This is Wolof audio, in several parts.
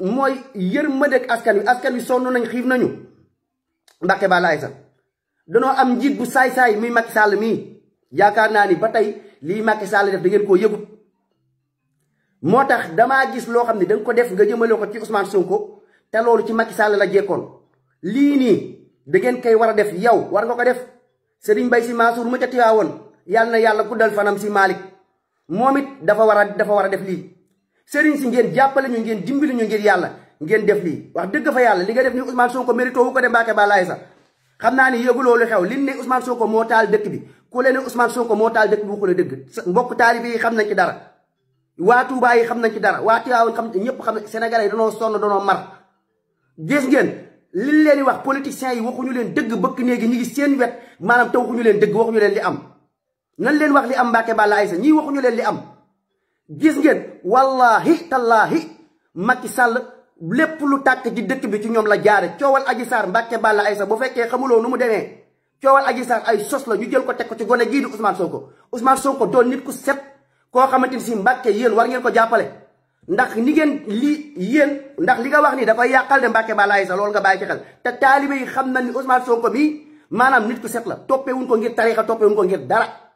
mooy yërmandeeg askan wi askan wi sonn nañ xiif nañu Mbàkke ba laay sax danoo am njiit bu saay-saay muy Macky Sall mii yaakaar naa ni ba tey lii Macky Sall def da ngeen koo yëgut moo tax damaa gis loo xam ne da ko def nga jëmale ko ci Ousmane Sonko te loolu ci Macky Sall la jekkoon lii nii da ngeen koy war a def yow war nga ko def Serigne Mbaye Sy Mansour mu ca Tiwaawoon yàlla na yàlla ku guddal fanam si Malick moom it dafa war a dafa war a def lii sëriñ si ngeen jàppale ñu ngeen dimbali ñu ngir yàlla ngeen def lii wax dëgg fa yàlla li nga def ni Ousmane Sonko mérito wu ko de Mbacké Balaye sax xam naa ni yëgu loolu xew lim ne Ousmane Sonko moo taal dëkk bi ku leen ne Ousmane Sonko moo taal dëkk bi waxu la dëgg mbokk taalibe xam nañ ci dara waa Touba yi xam nañ ci dara waa Tivaouane xam ñëpp xam Sénégalais yi danoo sonn danoo mar gis ngeen liñ leen di wax politiciens yi waxuñu leen dëgg bëkk néegi ñi ngi seen wet maanaam te waxuñu leen dëgg waxuñu leen li am nan leen wax li am Mbacké Balaye sax ñii waxuñu leen li am gis ngeen wallaahi tallaahi Macky Sall lépp lu tàkk ji dëkk bi ci ñoom la jaare coowal Adji Sarr Mbàkke ay Aysa bu fekkee xamuloo nu mu demee coowal Adji Sarr ay sos la ñu jël ko teg ko ci gone gii di Ousmane Sonko Ousmane Sonko doon nit ku set ko xamante ni si Mbàkke yéen war ngeen ko jàppale ndax ni ngeen li yéen ndax li nga wax nii dafay yàqal de Mbàkke ay sa lool nga bàyyi ci xel te taalibe yi xam na ni Ousmane Sonko mii maanaam nit ku set la toppewuñ ko ngir tarixa toppewuñ ko ngir dara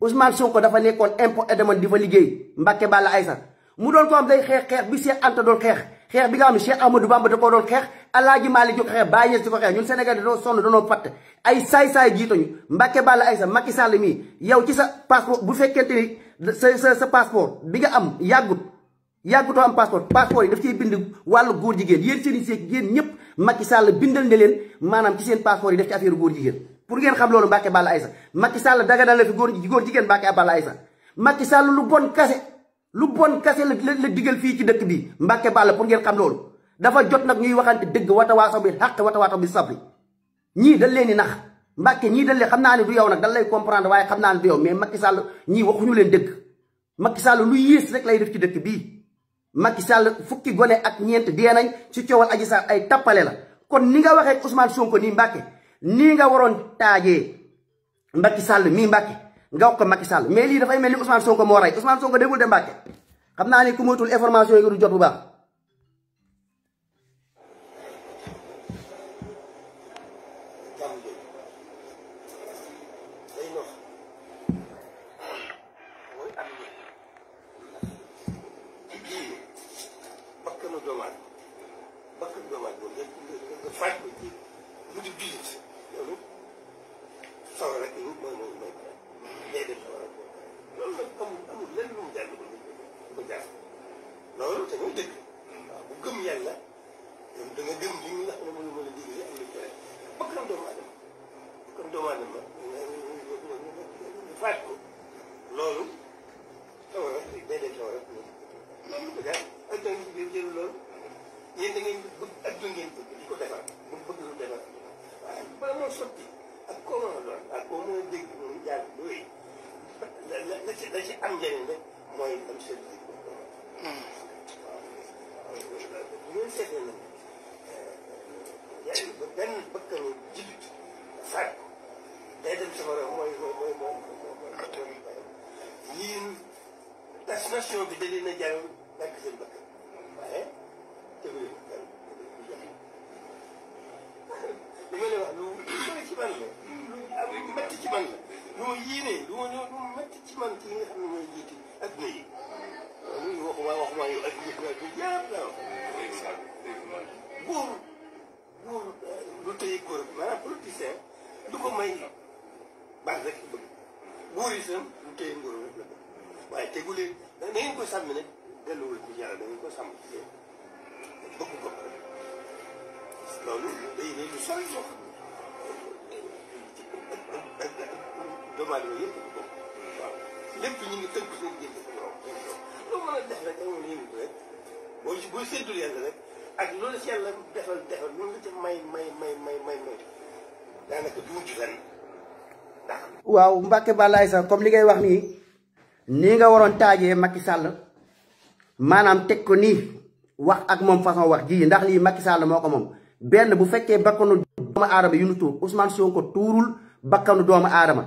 Ousmane Sonko dafa nekkoon impôt et demande di fa liggéey Mbacke Balla Aïssa mu doon ko am day xeex xeex bi Cheikh Anta doon xeex xeex bi nga xam ne Cheikh Amadou Bamba da koo doon xeex Alaaji Maalik jóg xeex Baye Niass di ko xeex ñun Sénégal dañoo sonn dañoo fatt ay saay-saay jiitoñu Mbacke Balla Aïssa Macky mii yow ci sa passeport bu fekkee te ni sa sa sa passeport bi nga am yàggut yàggutoo am passeport passeport yi daf ciy bind wàllu góor jigéen yéen seen i seeg yéen Sall bindal ne leen maanaam ci seen passeport yi daf ci affaire pour ngeen xam loolu Mbacke Balla Aïssa Macky Sall daga na la fi góor góor jigéen Mbacke Balla Aïssa Macky Sall lu bon kase lu bon kase la la digal fii ci dëkk bi Mbacke Balla pour ngeen xam loolu dafa jot nag ñuy waxante dëgg watawaasaw bi xaq watawaasaw bi sabri ñii dañ leen di nax Mbacke ñii dañ leen xam naa ne du yow nag dañ lay comprendre waaye xam naa ne du yow mais Macky Sall ñii waxuñu leen dëgg Macky Sall lu yées rek lay def ci dëkk bii Macky sàll fukki gone ak ñeent dee nañ ci coowal Adji Sarr ay tappale la kon ni nga waxee Ousmane Sonko nii Mbacke lii nga waroon taaje Macky Sall mii Mbacke nga wax ko Macky Sall mais lii dafay mel ni Ousmane Sonko moo rey Ousmane Sonko déggul de Mbacke xam naa ne ku moytul information yi du jot bu baax may ñor baax rek bëgg buur yi itam bu téye nguuram la bëgg waaye tegu leen da ngeen ko sàmmi nag delluwul loolu day ne lu sori loo yëpp ko lépp ñu ngi tënk seen jënd ko yow loo a def rek ak loolu si yàlla defal defal lu la ci may may may may may may waaw Mbacke Balaye sax comme li ngay wax nii nii nga waroon taajee makki sàll maanaam teg ko nii wax ak moom façon wax ji ndax lii makki Sall moo ko moom benn bu fekkee bakkanu doomu aadama yu nu tuur Ousmane Sonko tuurul bakkanu doomu aadama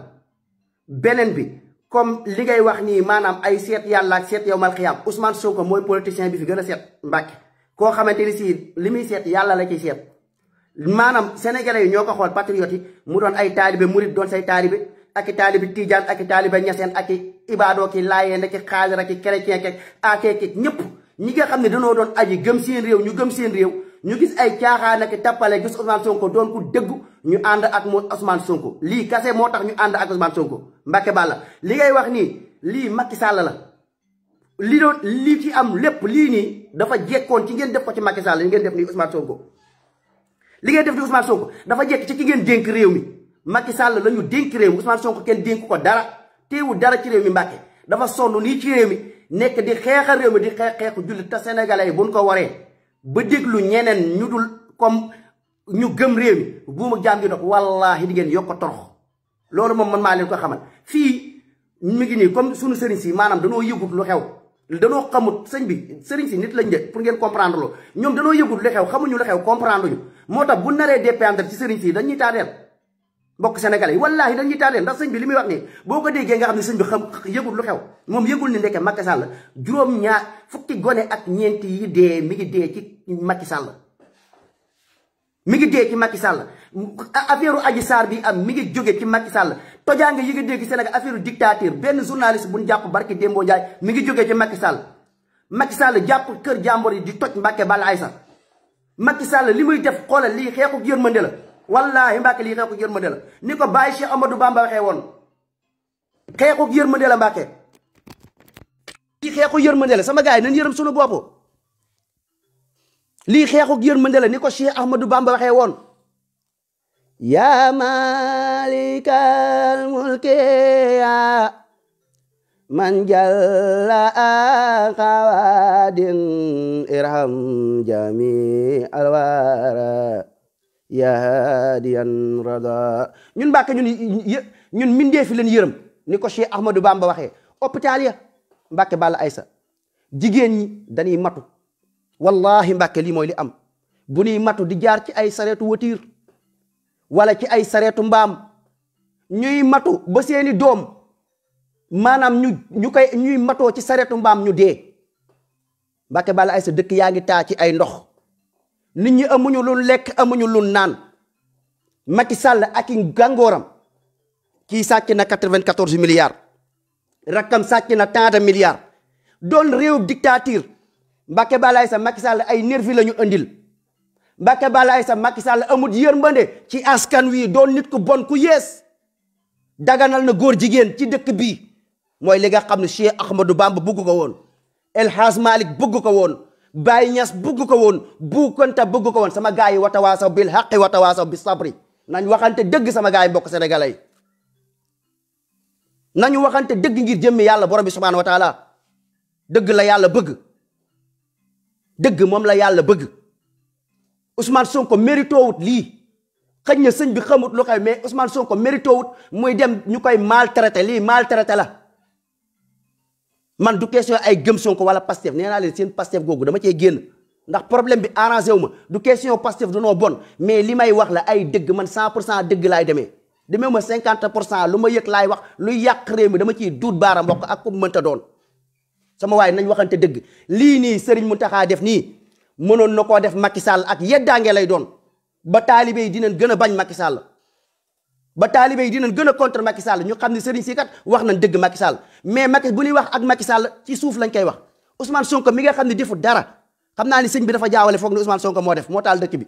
beneen bi comme li ngay wax nii maanaam ay seet yàlla ak seet yow mal xiyaam Ousmane Sonko mooy politicien bi fi gën a seet Mbacke koo xamante ni si li muy seet yàlla la ciy seet. maanaam sénégalais yi ñoo ko xool patriote yi mu doon ay taalibe murit doon say taalibe ak i taalibe tijaan ak i taalibe ñaseen ak i ibaadoo ki laayeen ak i xaajar ak i chrétien kek aakee ñëpp ñi nga xam ne dañoo doon aji gëm seen réew ñu gëm seen réew ñu gis ay caaxaan ak tappale gis Ousmane Sonko doon ku dëggu ñu ànd ak moo Ousmane Sonko lii kase moo tax ñu ànd ak Ousmane Sonko Mbàkke Bàlla li ngay wax nii lii Macky Sall la li doon lii ci am lépp lii nii dafa jekkoon ci ngeen def ko ci Macky Sall li ngeen def nii Ousmane Sonko li ngeen def di Ousmane Sonko dafa jekk ci ki ngeen dénk réew mi Macky Sall la ñu dénk réew mi Ousmane Sonko kenn dénk ko dara teewul dara ci réew mi Mbàkke dafa sonn nii ci réew mi nekk di xeexal réew mi di xeex xeexu jullit te sénégalais yi buñ ko waree ba lu ñeneen ñu dul comme ñu gëm réew mi buuma jaam gi dox wallaahi di ngeen yokk torox loolu moom man maa leen ko xamal fii mi ngi nii comme suñu sëriñ si maanaam dañoo yëgut lu xew danoo xamut sëñ bi sëriñ si nit lañ de pour ngeen comprendre loo ñoom danoo yëgul li xew xamuñu li xew comprendre ñu moo tax bu naree dépendre ci sëriñ si dañuy taadeel mbokk sénégalais yi wallaahi dañuy taadeel ndax sëñ bi li muy wax nii boo ko déggee nga xam ne sëñ bi xam yëgul lu xew moom yëgul ni ndekke Macky Sall juróom ñaar fukki gone ak ñeenti yi dee mi ngi dee ci Macky Sall mi ngi dee ci Macky Sall affaire u Adji bi am mi ngi jóge ci Macky Sall tojaange yi nga dégg Sénégal affaire dictature benn journaliste bu ñu jàpp barki Dembo mu ngi jógee ci Macky Sall Macky Sall jàpp kër jàmbor yi di toj Mbàkke Balla Aysa makki Sall li muy def xoolal lii xeexu yërmande la wallaahi Mbàkke lii xeexu yërmande la ni ko bàyyi Cheikh Amadou Bamba waxee woon xeexu yërmande la Mbàkke lii xeexu yërmande la sama gars yi nañ yërëm sunu bopp lii xeexu yërmande la ni ko Cheikh Ahmadou Bamba waxee woon يا مالك الملك يا من جل قواد ارحم جميع الورى يا هاديا رضا ñun Mbàkke ñun ñun mindee fi leen yërëm ni ko Cheikh Ahmadou Bamba waxee hôpital ya Mbàkke Balla Aysa jigéen ñi dañuy matu wallahi Mbàkke lii mooy li am bu ñuy di jaar ci ay sareetu watiir wala ci ay sareetu mbaam ñuy matu ba seeni doom maanaam ñu ñu koy ñuy matoo ci sareetu mbaam ñu dee Mbàkke bala ay sa dëkk yaa ngi taa ci ay ndox nit ñi amuñu lu lekk amuñu lu naan Macky Sall ak i gàngooram kii sàcc na 94 milliards rakkam sàcc na tant de milliards doon réew dictature Mbàkke bala ay sa Macky Sall ay nervi la ñu andil mbake bala Balaye sa Macky Sall amul yërmande ci askan wi doon nit ku bon ku yees daganal na góor jigéen ci dëkk bii mooy li nga xam ne Cheikh Ahmadou Bamba bugg ko woon El Hadj Malick bugg ko woon Baye Niass bugg ko woon Bou Kounta bugg ko woon sama gars yi watawaasaw bil haqqi watawaasaw bi sabri nañ waxante dëgg sama gars yi mbokk sénégalais yi nañu waxante dëgg ngir jëmmi yàlla borom bi subhaanahu wa taala dëgg la yàlla bëgg dëgg moom la yàlla bëgg Ousmane ko mérito wut lii xëy na sëñ bi xamut lu xew mais Ousmane ko mérito wut muy dem ñu koy maltraité lii maltraité la man du question ay gëm Sonko wala Pastef nee naa leen seen Pastef googu dama cee génn ndax problème bi arrangé wu ma du question Pastef du noo bon mais li may wax la ay dëgg man a pour cent dëgg laay demee demee ma cinquante pour cent lu ma yëg laay wax lu yàq réew mi dama ciy duut baara mbokk ak ku mënta doon sama waay nañ waxante dëgg lii nii Serigne Mountakha def nii. mënoon na koo def Macky Sall ak yeddaange lay doon ba taalibe yi dinañ gën a bañ Macky Sall ba taalibe yi dina gën a contre Macky Sall ñu xam ne sëriñ si kat wax nañ dëgg Macky Sall mais Macky bu ñuy wax ak Macky Sall ci suuf lañ koy wax Ousmane Sonko mi nga xam ne defu dara xam naa ni sëñ bi dafa jaawale foog ne Ousmane Sonko moo def moo taal dëkk bi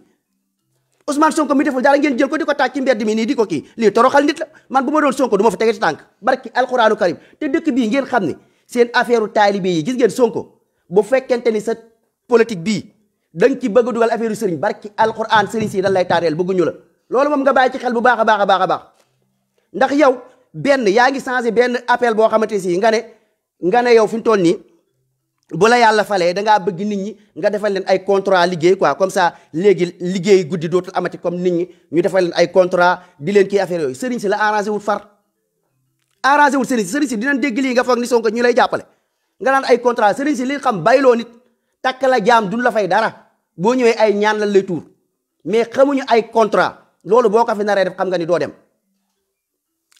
Ousmane Sonko mi deful dara ngeen jël ko di ko taaj ci mbedd mi nii di ko kii lii toroxal nit la man bu ma doon Sonko du ma fi tege ci tànk barki dëkk bii ngeen xam ne seen affaire u taalibe yi gis Sonko bu fekkente ni sa politique bii da nga ci bëgg a dugal affaire sëriñ barki alquran sëriñ si dan lay taareel bëgguñu la loolu moom nga bàyyi ci xel bu baax a baax a baax a baax ndax yow benn yaa ngi changé benn appel boo xamante si nga ne nga ne yow fi mu toll nii bu la yàlla falee dangaa bëgg nit ñi nga defal leen ay contrat liggéey quoi comme ça léegi liggéey guddi dootul amati comme nit ñi ñu defal ay contrat di leen kii affaire yooyu sëriñ si la arrangé wul far arrangé wul sëriñ si sëriñ si dinañ dégg lii nga foog ni Sonko ñu lay jàppale nga naan ay contrat sëriñ si li xam bayloo takk jaam duñ la fay dara boo ñëwee ay ñaan la lay tuur mais xamuñu ay contrat loolu boo ko naree def xam nga ni doo dem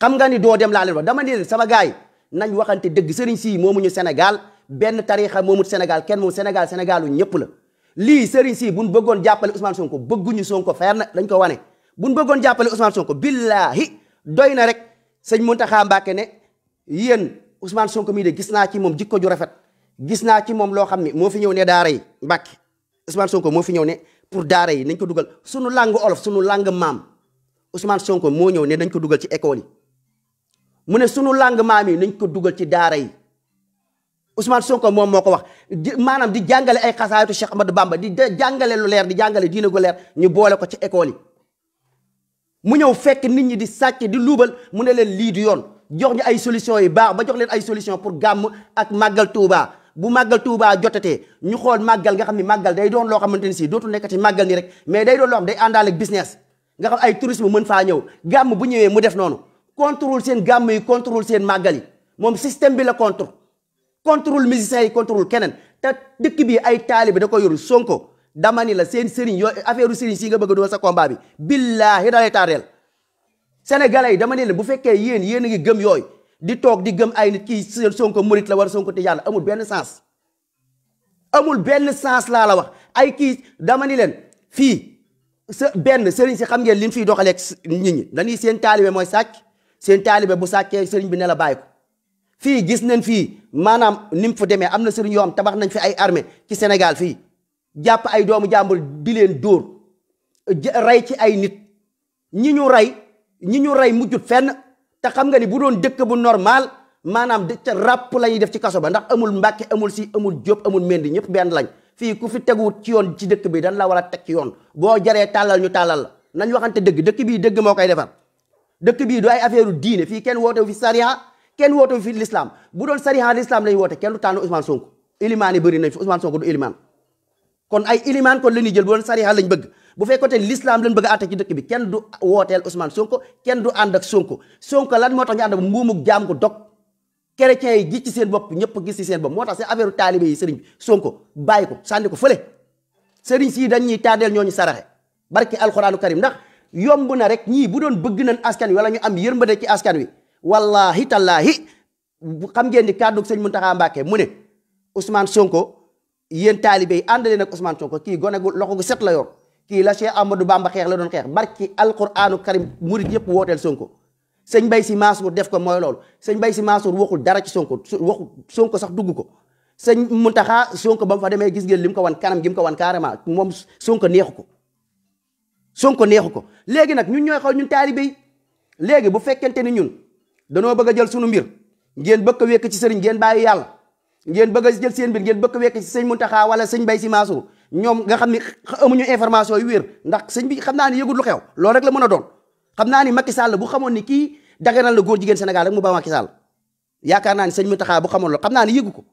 xam nga ni doo dem laa leen wax dama ne leen sama gars yi nañ dëgg sëriñ sii moomuñu Sénégal benn tariixa moomut Sénégal kenn moom senegal senegalu ñëpp la lii sëriñ sii buñ bëggoon jàppale usmaan Sonko bëgguñu Sonko fayar na dañ ko wane buñ bëggoon jàppale Ousmane Sonko billaahi doy na rek sëñ Mountakha Mbacké ne yéen Ousmane Sonko mii gis naa ci moom jikko ju rafet gis naa ci moom loo xam ne moo fi ñëw ne daara yi Mbàkke Ousmane Sonko moo fi ñëw ne pour daara yi nañ ko dugal sunu langue olof sunu langue maam Ousmane Sonko moo ñëw ne nañ ko dugal ci école yi mu ne sunu langue maam yi nañ ko dugal ci daara yi Ousmane Sonko moom moo ko wax maanaam di jàngale ay xasaayatu ma Ahmadou Bamba di jàngale lu leer di jàngale diine gu leer ñu boole ko ci école yi mu ñëw fekk nit ñi di sàcc di luubal mu ne leen lii di yoon jox ñu ay solution yu baax ba jox leen ay solution pour gàmm ak màggal Touba. bu màggal Touba jotatee ñu xool màggal nga xam ne màggal day doon loo xamante ni si dootul nekkati màggal nii rek mais day doon loo xam day àndaale ak business nga xam ay tourisme mën faa ñëw gàmm bu ñëwee mu def noonu contrôle seen gàmm yi contrôle seen màggal yi moom système bi la contre contrôle musiciens yi contrôle keneen te dëkk bi ay taalibe da ko yoru Sonko dama ni la seen sëriñ yoo affaire sëriñ si nga bëgg doo sa combat bi billaahi dalay tardeel sénégalais yi dama ne leen bu fekkee yéen yéen a ngi gëm yooyu di toog di gëm ay nit kii Sonko murit la war Sonko tijaan la amul benn sens amul benn sens laa la wax ay kii dama ni leen fii së benn sëriñ si xam ngeen li mu fiy doxaleeg ñi dañuy seen taalibe mooy sàcc seen bu sàccee sëriñ bi ne la bàyyi ko fii gis nañ fii maanaam ni mu fa demee am na sëriñ yoo xam tabax nañ fi ay armée ci senegal fii jàpp ay doomu jàmbur di leen dóor rey ci ay nit ñi ñu rey ñi ñu rey mujjut fenn te xam nga ni bu doon dëkk bu normal maanaam de ca ràpp la ñuy def ci kaso ba ndax amul mbàkke amul si amul jóob amul mendi ñëpp benn lañ fii ku fi teguwut ci yoon ci dëkk bi dañ la war a teg ci yoon boo jaree tàllal ñu tàllal la nañ waxante dëgg dëkk bii dëgg moo koy defar dëkk bii du ay affaire diine fii kenn wootewu fi sariha kenn wootewu fi l'islam bu doon sariha l'islam lañ woote kenn du tànn Ousmane Sonko ilimaan yi bëri nañ fi Ousmane Sonko du ilimaan kon ay ilimaan kon la ñuy jël bu doon sariha lañ bëgg bu fekkee te l'islam leen bëgg a àtte ci dëkk bi kenn du wooteel Ousmane Sonko kenn du ànd ak Sonko Sonko lan moo tax ñu ànd ak mbuumuk jaam ko dog yi gis ci seen bopp ñëpp gis seen bopp moo tax seen affaire taalibe yi sëriñ bi Sonko bàyyi ko sànni ko fële sëriñ sii dañuy taadeel ñooñu saraxe barki alxuraanu karim ndax yomb na rek ñii bu doon bëgg nañ askan wi wala ñu am yërmande ci askan wi wallahi tallahi xam ngeen ni kàddu sëñ Muntaxa Mbàkke mu ne Ousmane Sonko yéen taalibe yi ànd leen ak Ousmane Sonko kii gone gu loxo gu set la yor lii la Cheikh Amadou Bamba xeex la doon xeex barki alquranu karim murit yëpp wooteel Sonko sëñ Bay Si Mansour def ko mooy loolu sëñ Bay Si Mansour waxul dara ci Sonko waxul Sonko sax dugg ko sëñ Muntaxa Sonko ba mu fa demee gis ngeen lim ko wan kanam gi mu ko wan carrément moom Sonko neexu ko Sonko neexu ko léegi nag ñun ñooy xaw ñun taalibe yi léegi bu fekkente ni ñun danoo bëgg jël sunu mbir ngeen bëgg wekk ci sëriñ ngeen bàyyi yàlla ngeen bëgg jël seen mbir ngeen bëgg a wekk ci sëñ Muntaxa wala sëñ Bay Si Mansour ñoom nga xam ni amuñu information yi wér ndax sëñ bi xam naa ni yëgul lu xew loolu rek la mën a doon xam naa ni Macky Sall bu xamoon ni kii daganal la góor jigéen Sénégal mu ba Sall yaakaar naa ni sëñ Mountakha bu xamoon loolu xam naa ni yëgu ko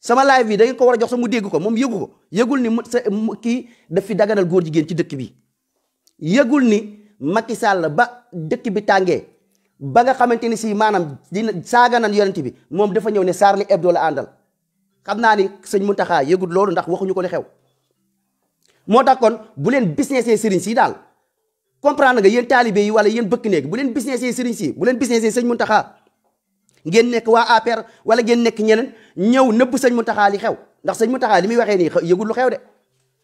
sama live bi da ko war a jox sa mu dégg ko moom yëgu ko yëgul ni sa kii daf fi daganal góor jigéen ci dëkk bi yëgul ni makki Sall ba dëkk bi tàngee ba nga xamante ni si maanaam saaga saaganan yonent bi moom dafa ñëw ne Charlie Hebdo la àndal xam naa ni sëñ Muntaxa yëgut loolu ndax waxuñu ko li xew moo tax kon bu leen businessee sëriñ si daal comprendre nga yéen taalibe yi wala yéen bëkk néeg bu leen businessee sëriñ si bu leen businessee sëñ Muntaxa ngeen nekk waa APR wala ngeen nekk ñeneen ñëw nëbb sëñ Muntaxa li xew ndax sëñ Muntaxa li muy waxee nii yëgul lu xew de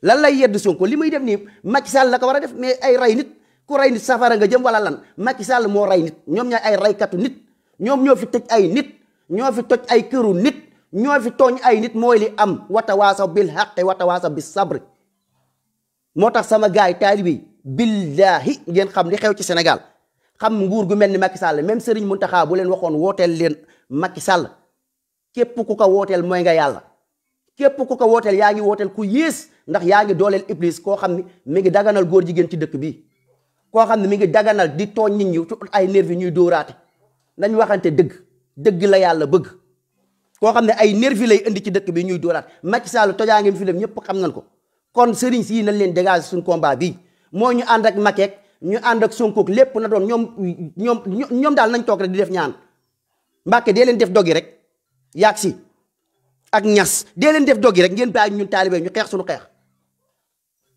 lan lay yedd Sonko li muy dem nii Macky Sall la ko war a def mais ay ray nit ku ray nit safara nga jëm wala lan Macky Sall moo ray nit ñoom ñooy ay raykatu nit ñoom ñoo fi toj ay nit ñoo fi toj ay këru nit ñoo fi tooñ ay nit mooy li am watawaasaw bil xaqi watawaasaw bi sabre moo tax sama gaay taalibi billahi ngeen xam li xew ci senegal xam nguur gu mel ni Macky Sall même Serigne taxaa bu leen waxoon wooteel leen Macky sàll képp ku ko wooteel mooy nga yàlla képp ku ko wooteel yaa ngi wooteel ku yées ndax yaa ngi dooleel Iblis koo xam ni mi ngi daganal góor jigéen ci dëkk bi koo xam ne mi ngi daganal di tooñ nit ñi ay nervi ñuy dóoraate nañ waxante dëgg dëgg la yàlla bëgg koo xam ne ay nervi lay indi ci dëkk bi ñuy dóoraat Macky Sall tojaa ngeen fi dem ñëpp xam nañ ko kon sëriñ sii nañ leen dégager suñ combat bi moo ñu ànd ak Macky ñu ànd ak Sonko lépp na doon ñoom ñoom ñoom daal nañ toog rek di def ñaan Mbàkke dee leen def doggi rek yaag si ak ñas dee leen def doggi rek ngeen bàyyi ñun taalibe ñu xeex suñu xeex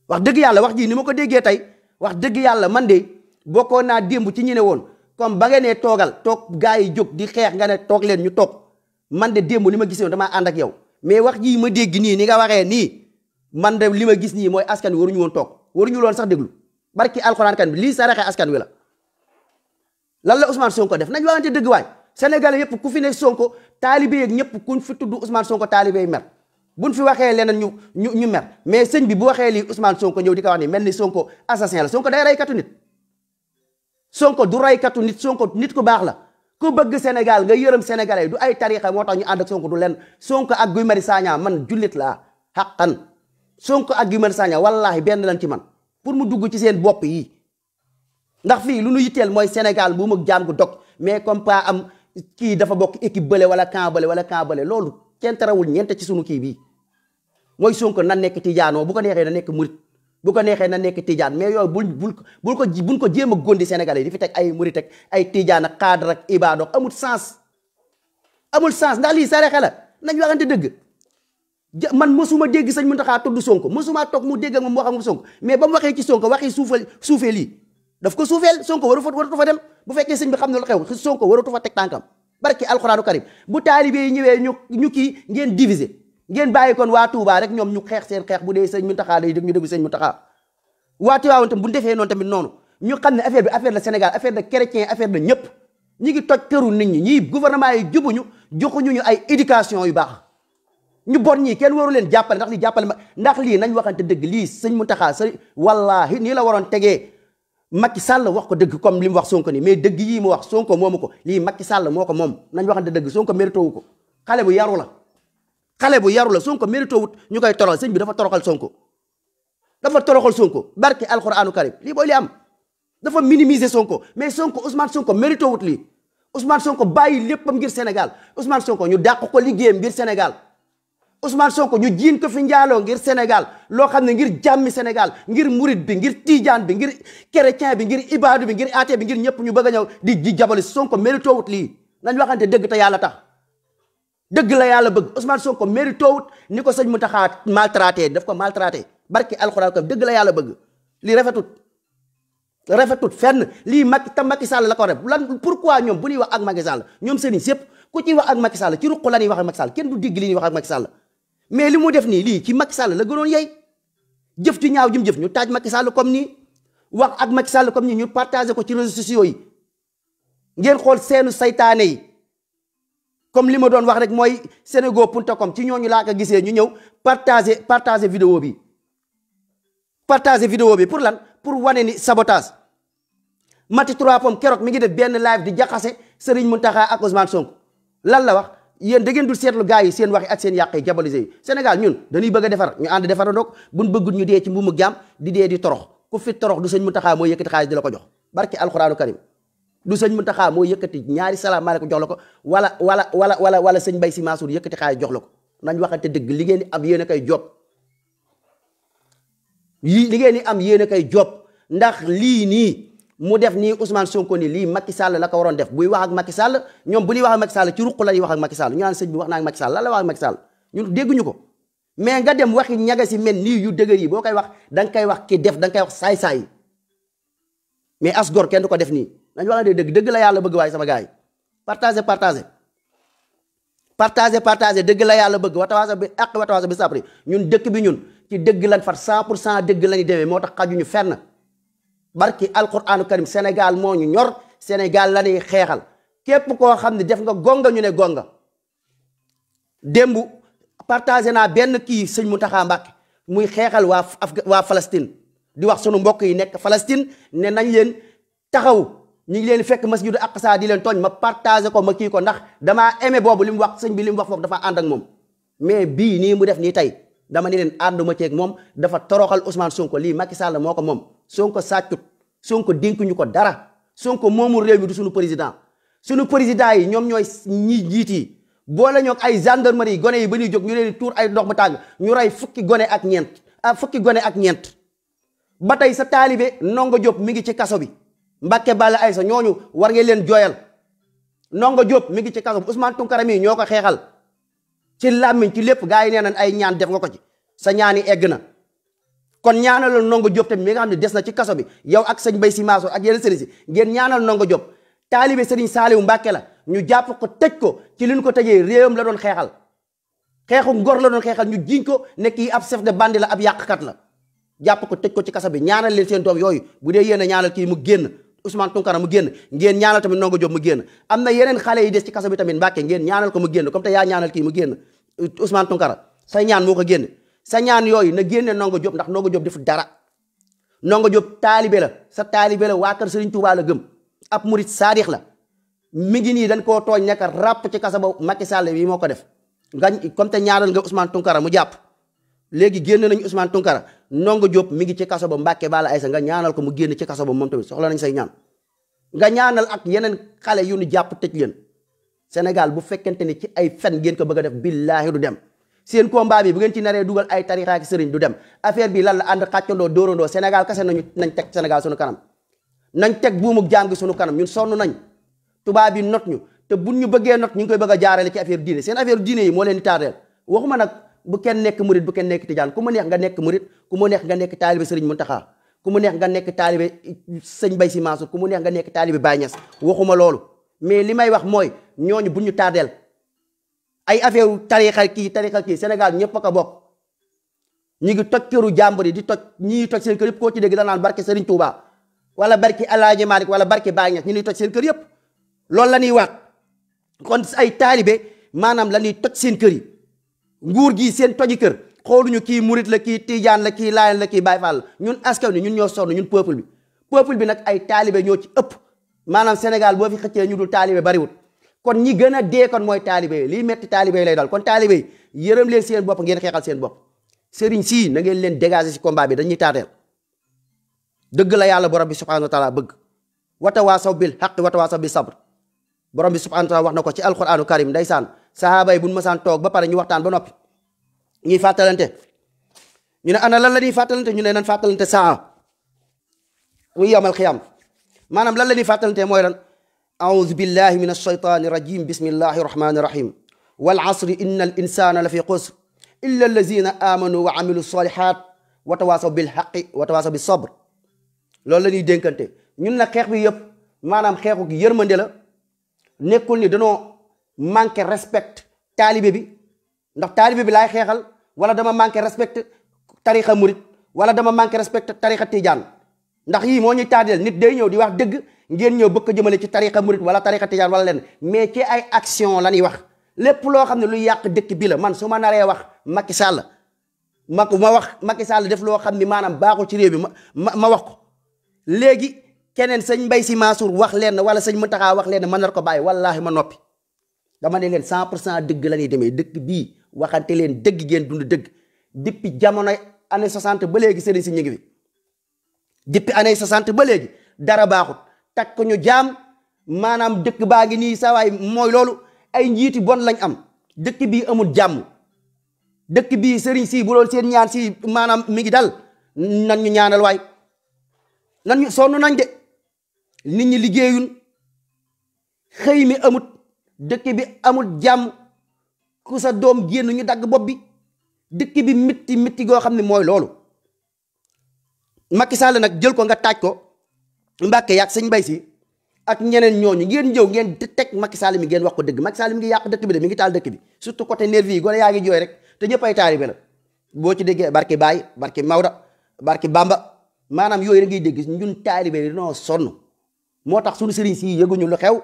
wax dëgg yàlla wax jii ni ma ko déggee tey wax dëgg yàlla man de bokkoo naa démb ci ñu ne woon comme ba nga nee toogal toog gaa yi jóg di xeex nga ne toog leen ñu toog man de démb li ma gis yow damaa ànd yow mais wax jii ma dégg nii ni nga waxee nii man de li ma gis nii mooy askan wi waruñu woon toog waruñu loon sax déglu barki alxuraan kan bi lii saraxee askan wi la. lan la Ousmane Sonko def nañ waxante dëgg waay Sénégalais yëpp ku fi ne Sonko taalibe yeeg ñëpp kuñ fi tudd Ousmane Sonko taalibe yi mer buñ fi waxee leneen ñu ñu ñu mer mais sëñ bi bu waxee lii Ousmane Sonko ñëw di ko wax ni mel ni Sonko assassin la Sonko day raykatu nit Sonko du raykatu nit Sonko nit ku baax la. ku bagg senegal nga yërëm sénégalais du ay tarixa moo tax ñu ànd ak Sonko du leen Sonko ak Guy Marius Sagna man jullit laa xaqan Sonko ak Guy Marius Sagna wallaahi benn lan ci man pour mu dugg ci seen bopp yi ndax fii lu nu yitteel mooy Sénégal bu mu jaam gu dog mais comme am kii dafa bokk équipe bële wala camp bële wala camp bële loolu kenn tarawul ñeent ci sunu kii bii mooy Sonko na nekk ci jaanoo bu ko neexee na nekk murit bu ko neexee na nekk tijaan mais yooyu bul bul bul ko bul ko jéem a gondi Sénégalais yi di fi teg ay murit ak ay tijaan ak xaadar ak ibaad ak amul sens amul sens ndax lii sarexe la nañ waxante dëgg man mosuma dégg sëñ Muntaxa tudd Sonko mosuma toog mu dégg ak moom wax mais ba mu waxee ci Sonko waxi suufal suufee lii daf ko suufeel Sonko waru fa waratu fa dem bu fekkee sëñ bi xam ne lu xew Sonko waratu fa teg tànkam barki alxuraanu karim bu taalibe yi ñëwee ñu ñu kii ngeen diviser ngeen bàyyi kon waa Touba rek ñoom ñu xeex seen xeex bu dee sëñ Mountakha lay dégg ñu déglu sëñ Mountakha waa Tivaouane tam bu ñu defee noonu tamit noonu ñu xam ne affaire bi affaire la Sénégal affaire la chrétien affaire la ñëpp ñi ngi toj këru nit ñi ñii gouvernement yi jubuñu joxuñu ñu ay éducation yu baax ñu bon ñi kenn waru leen jàppale ndax lii jàppale ma ndax lii nañ waxante dëgg lii sëñ Mountakha sa wallaahi nii la waroon tegee Macky Sall wax ko dëgg comme li mu wax Sonko ni mais dëgg yii mu wax Sonko moomu ko lii Macky Sall moo ko moom nañ waxante dëgg Sonko mérito ko xale bu yaru la xale bu yaru la Sonko mérito wut ñu koy toroxal sëñ bi dafa toroxal Sonko dafa toroxal Sonko barke alquranu karim lii booy li am dafa minimiser Sonko mais Sonko Ousmane Sonko mérito wut lii Ousmane Sonko bàyyi léppam ngir Sénégal Ousmane Sonko ñu dàq ko liggéeyam ngir Sénégal Ousmane Sonko ñu jiin ko fi njaaloo ngir Sénégal loo xam ne ngir jàmmi Sénégal ngir murit bi ngir tijaan bi ngir chrétien bi ngir ibaadu bi ngir athée bi ngir ñëpp ñu bëgg a ñëw di di jabali Sonko mérito wut lii nañ waxante dëgg te yàlla tax dëgg la yàlla bëgg Ousmane Sonko mérito wut ni ko sëñ Mountakha maltraité daf ko maltraité barki alxuraan ko dëgg la yàlla bëgg lii rafetut rafetut fenn lii Macky te Macky Sall la ko def lan pourquoi ñoom bu ñuy wax ak Macky Sall ñoom sëriñ yëpp ku ciy wax ak Macky Sall ci ruq la ñuy wax ak Macky Sall kenn du digg li ñuy wax ak Macky Sall li mu def nii lii ci Macky Sall la gënoon yey jëf ti ñaaw jëm jëf ñu taaj Macky sàlla comme nii wax ak Macky sàlla comme nii ñu partagé ko ci réseaux sociaux yi ngeen xool seenu saytaane yi. comme li ma doon wax rek mooy senego.com ci ñooñu laa ko gisee ñu ñëw partager partager vidéo bi partage vidéo bi pour lan pour wane ni sabotage Mati Trois Pommes keroog mi ngi def benn live di jaxase Serigne Mountakha ak Ousmane Sonko lan la wax yéen da ngeen dul seetlu gars yi seen waxi ak seen yàq yi jabalise yi Sénégal ñun dañuy bëgg a defar ñu ànd defar ndoog buñ bëggul ñu dee ci mbuumu jaam di dee di torox ku fi torox du sëñ Mountakha mooy yëkkati xaalis di la ko jox barki alxuraanu karim du sëñ taxaa moo yëkkati ñaari salaamaaleykum jox la ko wala wala wala wala wala sëñ bay Si Mansour yëkkati xaay jox la ko nañ wax dëgg li ngeen di am yéen a koy li ngeen di am yéen a koy job ndax lii nii mu def nii Ousmane Sonko nii lii Sall la ko waroon def buy wax ak Macky Sall ñoom bu ñuy wax ak Macky Sall ci ruq la ñuy wax ak Macky Sall ñu naan sëñ wax naa ak Macky Sall ak Macky ñun dégguñu ko mais nga dem waxi ñaga si mel nii yu dëgër yi boo koy wax danga nga koy wax ki def danga nga koy wax saay-saay mais as gor kenn du ko def nii dañu wax ne dëgg dëgg la yàlla bëgg waaye sama gars yi partage partage partage dëgg la yàlla bëgg watawaasa bi ak watawaasa bi sabri ñun dëkk bi ñun ci dëgg lan far 100 pour cent dëgg la ñu demee moo tax xajuñu fenn barki alquranu karim Sénégal moo ñu ñor Sénégal la xeexal képp koo xam ne def nga gonga ñu ne gonga démb partagé naa benn kii sëñ Mountakha Mbacké muy xeexal waa af di wax sunu mbokk yi nekk Palestine ne nañ leen taxaw ñu ngi leen fekk masjidu aqsa di leen tooñ ma partagé ko ma kii ko ndax damaa aimé boobu li mu wax sëñ bi li mu wax foofu dafa ànd ak moom mais bii nii mu def nii tey dama ni leen ànduma ceeg moom dafa toroxal Ousmane Sonko lii Macky Sall moo ko moom Sonko sàccut Sonko dénkuñu ko dara Sonko moomul réew mi du suñu président suñu président yi ñoom ñooy ñi jiit yi boole ñoog ay gendarmerie gone yi ba ñuy jóg ñu leen di tuur ay ndox bu tàng ñu rey fukki gone ak ñeent ah fukki gone ak ñeent ba tey sa taalibe Ndongo Diop mi ngi ci kaso bi Mbacke ay Aïssa ñooñu war ngeen leen jooyal Ndongo Diop mi ngi ci kaso Ousmane Tounkara mii ñoo ko xeexal ci làmmiñ ci lépp gars yi nee nañ ay ñaan def nga ko ci sa ñaani egg na kon ñaanal Ndongo Diop tamit mi nga xam des na ci kaso bi yow ak sëñ Mbaye Sy Mansour ak yeneen sëriñ ngeen ñaanal Ndongo Diop taalibe sëriñ Saaliwu Mbacke la ñu jàpp ko tëj ko ci liñ ko tëjee réewam la doon xeexal xeexu ngor la doon xeexal ñu jiñ ko ne ab chef de la ab yàqkat la jàpp ko tëj ko ci kaso bi ñaanal leen seen doom yooyu bu dee yéen a ñaanal kii mu génn Ousmane Tounkara mu génn ngeen ñaanal tamit Ndongo Diop mu génn am na yeneen xale yi des ci kaso bi tamit Mbàkke ngeen ñaanal ko mu génn comme te yaa ñaanal kii mu génn Ousmane Tounkara sa ñaan moo ko génn sa ñaan yooyu na génne Ndongo Diop ndax Ndongo Diop def dara Ndongo Diop taalibe sa taalibe la waa kër Serigne Touba la gëm ab murit saadix la mi ngi nii dañ koo tooñ nekk ràpp ci kaso ba Macky Sall bi moo ko def nga comme te ñaanal nga Ousmane Tounkara mu jàpp léegi génn nañu Ousmane Tounkara Ndongo Diop mi ngi ci kaso ba Mbàkke Bala Aysa nga ñaanal ko mu génn ci kaso ba moom tamit soxla nañ say ñaan nga ñaanal ak yeneen xale yu nu jàpp tëj leen Sénégal bu fekkente ni ci ay fen ngeen ko bëgg a def billaahi du dem seen combat bi bu ngeen ci naree dugal ay tarixa ak sëriñ du dem affaire bi lan la ànd xàccandoo dóorandoo Sénégal kese nañu nañ teg Sénégal suñu kanam nañ teg buumug jaam gi suñu kanam ñun sonn nañ tubaab bi not ñu te buñ ñu bëggee not ñu ngi koy bëgg a jaarale ci diine seen affaire diine yi moo leen di taareel waxuma nag bu kenn nekk murit bu kenn nekk tijaan ku mu neex nga nekk murit ku mu neex nga nekk taalibe sëriñ Muntaxa ku mu neex nga nekk taalibe sëñ Bay Si Mansour ku mu neex nga nekk taalibe Baay Ñas waxuma loolu mais li may wax mooy ñooñu bu ñu tardeel ay affaire tarixa kii tarixa kii Sénégal ñëpp a ko bokk ñu ngi toj këru jàmbur yi di toj ñii toj seen kër yëpp koo ci dégg da naan barke Serigne Touba wala barke El Hadj Malick wala barke Baye Niass ñu ngi toj seen kër yëpp loolu la ñuy waat kon ay taalibe maanaam la ñuy toj seen kër yi nguur gi seen toji kër xooluñu kii murit la kii tijaan la kii laayeen la kii baay faal la ñun askan wi ñun ñoo sonn ñun peuple bi peuple bi nag ay taalibe ñoo ci ëpp maanaam Sénégal boo fi xëccee ñu dul taalibe bariwut kon ñi gën a dee kon mooy taalibe yi liy metti taalibe yi lay dal kon taalibe yi yërëm leen seen bopp ngeen xeexal seen bopp sëriñ sii na ngeen leen dégager ci combat bi dañuy taateel dëgg la yàlla borom bi subhanahu wa taala bëgg watawaasaw bil xaq watawaasaw bi sabr borom bi subhanahu taala wax na ko ci alquranu karim ndeysaan sahaaba yi buñ masaan toog ba pare ñu waxtaan ba noppi ñuy fàttalante ñu ne ana lan la ñuy fàttalante ñu ne nan fàttalante saa muy yowmal xiyaam maanaam lan la ñuy fàttalante mooy lan audu billahi min alshaytani rajim bismillahi rahmani rahim wal asri inna al insana la fi xusr illa allazina amanu wa amilu salihat wa tawasaw bil xaqi wa tawasaw bi sabr loolu la ñuy dénkante ñun nag xeex bi yëpp maanaam xeexu yërmande la nekkul ni danoo manqué respect taalibe bi ndax taalibe bi laay xeexal wala dama manqué respect tarixa murit wala dama manqué respect tarixa tijaan ndax yi moo ñuy taadeel nit day ñëw di wax dëgg ngeen ñëw bëgg jëmale ci tarixa murit wala tarixa tijaan wala lenn mais ci ay action la ñuy wax lépp loo xam ne lu yàq dëkk bi la man su ma naree wax makki sàll ma ma wax Macky Sall def loo xam ni maanaam baaxul ci réew bi ma ma wax ko léegi keneen sëñ Mbay Si Mansour wax leen wala sëñ Muntaxa wax leen man nar ko bàyyi wallaahi ma noppi dama ne leen 100 pour cent dëgg la ñuy demee dëkk bii waxante leen dëgg ngeen dund dëgg depuis jamonoy année 60 ba léegi sëriñ si ñu ngi fi depuis année 60 ba léegi dara baaxut takk ñu jaam maanaam dëkk baa ngi nii sawaay mooy loolu ay njiiti bon lañ am dëkk bii amul jàmm dëkk bii sëriñ si bu seen ñaan si maanaam mi ngi dal nan ñu ñaanal waay nan nit ñi liggéeyul xëy mi amut dëkk bi amul jàmm ku sa doom génn ñu dagg bopp bi dëkk bi mitti mitti goo xam ne mooy loolu Macky Sall nag jël ko nga taaj ko Mbàkke yaag sëñ Mbay si ak ñeneen ñooñu ngeen jëw ngeen teg Macky Sall mi ngeen wax ko dëgg Macky Sall mi ngi yàq dëkk bi de mi ngi taal dëkk bi surtout côté nervi yi gone yaa ngi jooy rek te ñëpp ay taalibe la boo ci déggee barke Baye barke Maoda barke bàmba maanaam yooyu da ngay dégg ñun taalibe yi sonn moo tax suñu sëriñ si yëguñu lu xew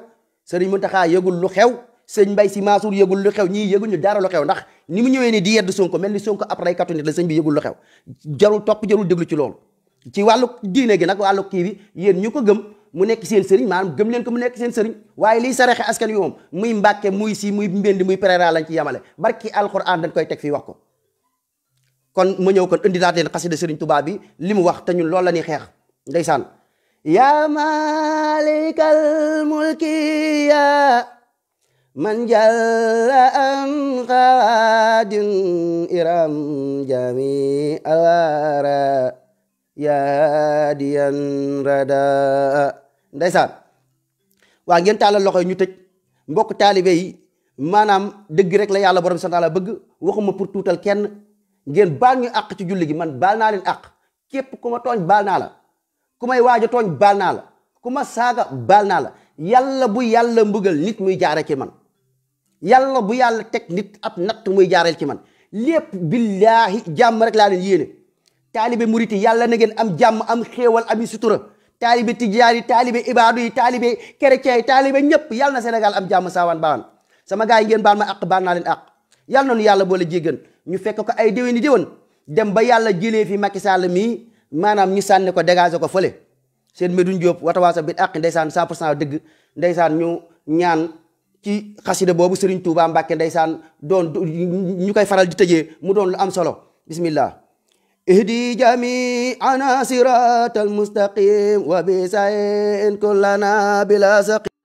sëriñ Mountakha yëgul lu xew sëñ Mbaye Sy Mansour yëgul lu xew ñii yëguñu dara lu xew ndax ni mu ñëwee ni di yedd Sonko mel ni Sonko ab raykatu nit bi yëgul lu xew jarul topp jarul déglu ci loolu ci wàllu diine gi nag wàllu kii bi yéen ñu ko gëm mu nekk seen sëriñ maanaam gëm leen ko mu nekk seen sëriñ waaye liy saraxe askan wi moom muy mbàkke muy si muy mbénd muy préra lañ ci yamale barki alxuraan dañ koy teg fii wax ko kon ma ñëw kon indi naa leen xasida sëriñ bi li mu wax te loolu la ñuy xeex ndeysaan يا مالك الملك يا man جل أن قواد إرم جميع الورى يا هاديا ndeysaan waa ngeen taalal loxo yi ñu tëj mbokk taalibe yi maanaam dëgg rek la yàlla borom sant la bëgg waxuma pour tuutal kenn ngeen baal ñu àq ci julli gi man baal naa leen àq képp ku ma tooñ baal naa la ku may waaj a tooñ baal naa la ku ma saaga baal naa la yàlla bu yàlla mbugal nit muy jaare ci man yàlla bu yàlla teg nit ab natt muy jaareel ci man lépp billaahi jàmm rek laa leen yéene taalibe muriti yàlla na ngeen am jàmm am xéewal ami sutura taalibe tijaar yi taalibe ibaadu yi taalibe chrétien yi taalibe ñëpp yàlla na Sénégal am jàmm saawaan baawaan sama gars yi ngeen baal ma àq baal naa leen àq yàlla noonu yàlla boole jéggan ñu fekk ko ay déwéni déwén dem ba maanaam ñu sànni ko dégagé ko fële seen Medoune Diop Watawasaw Bil Haqqi ndeysaan 100% dëgg saan ñu ñaan ci xasida boobu Serigne Touba Mbacke saan doon ñu koy faral di tëjee mu doon lu am solo bismillah ihdi jami'ana siratal mustaqim wa bi kullana bila saqim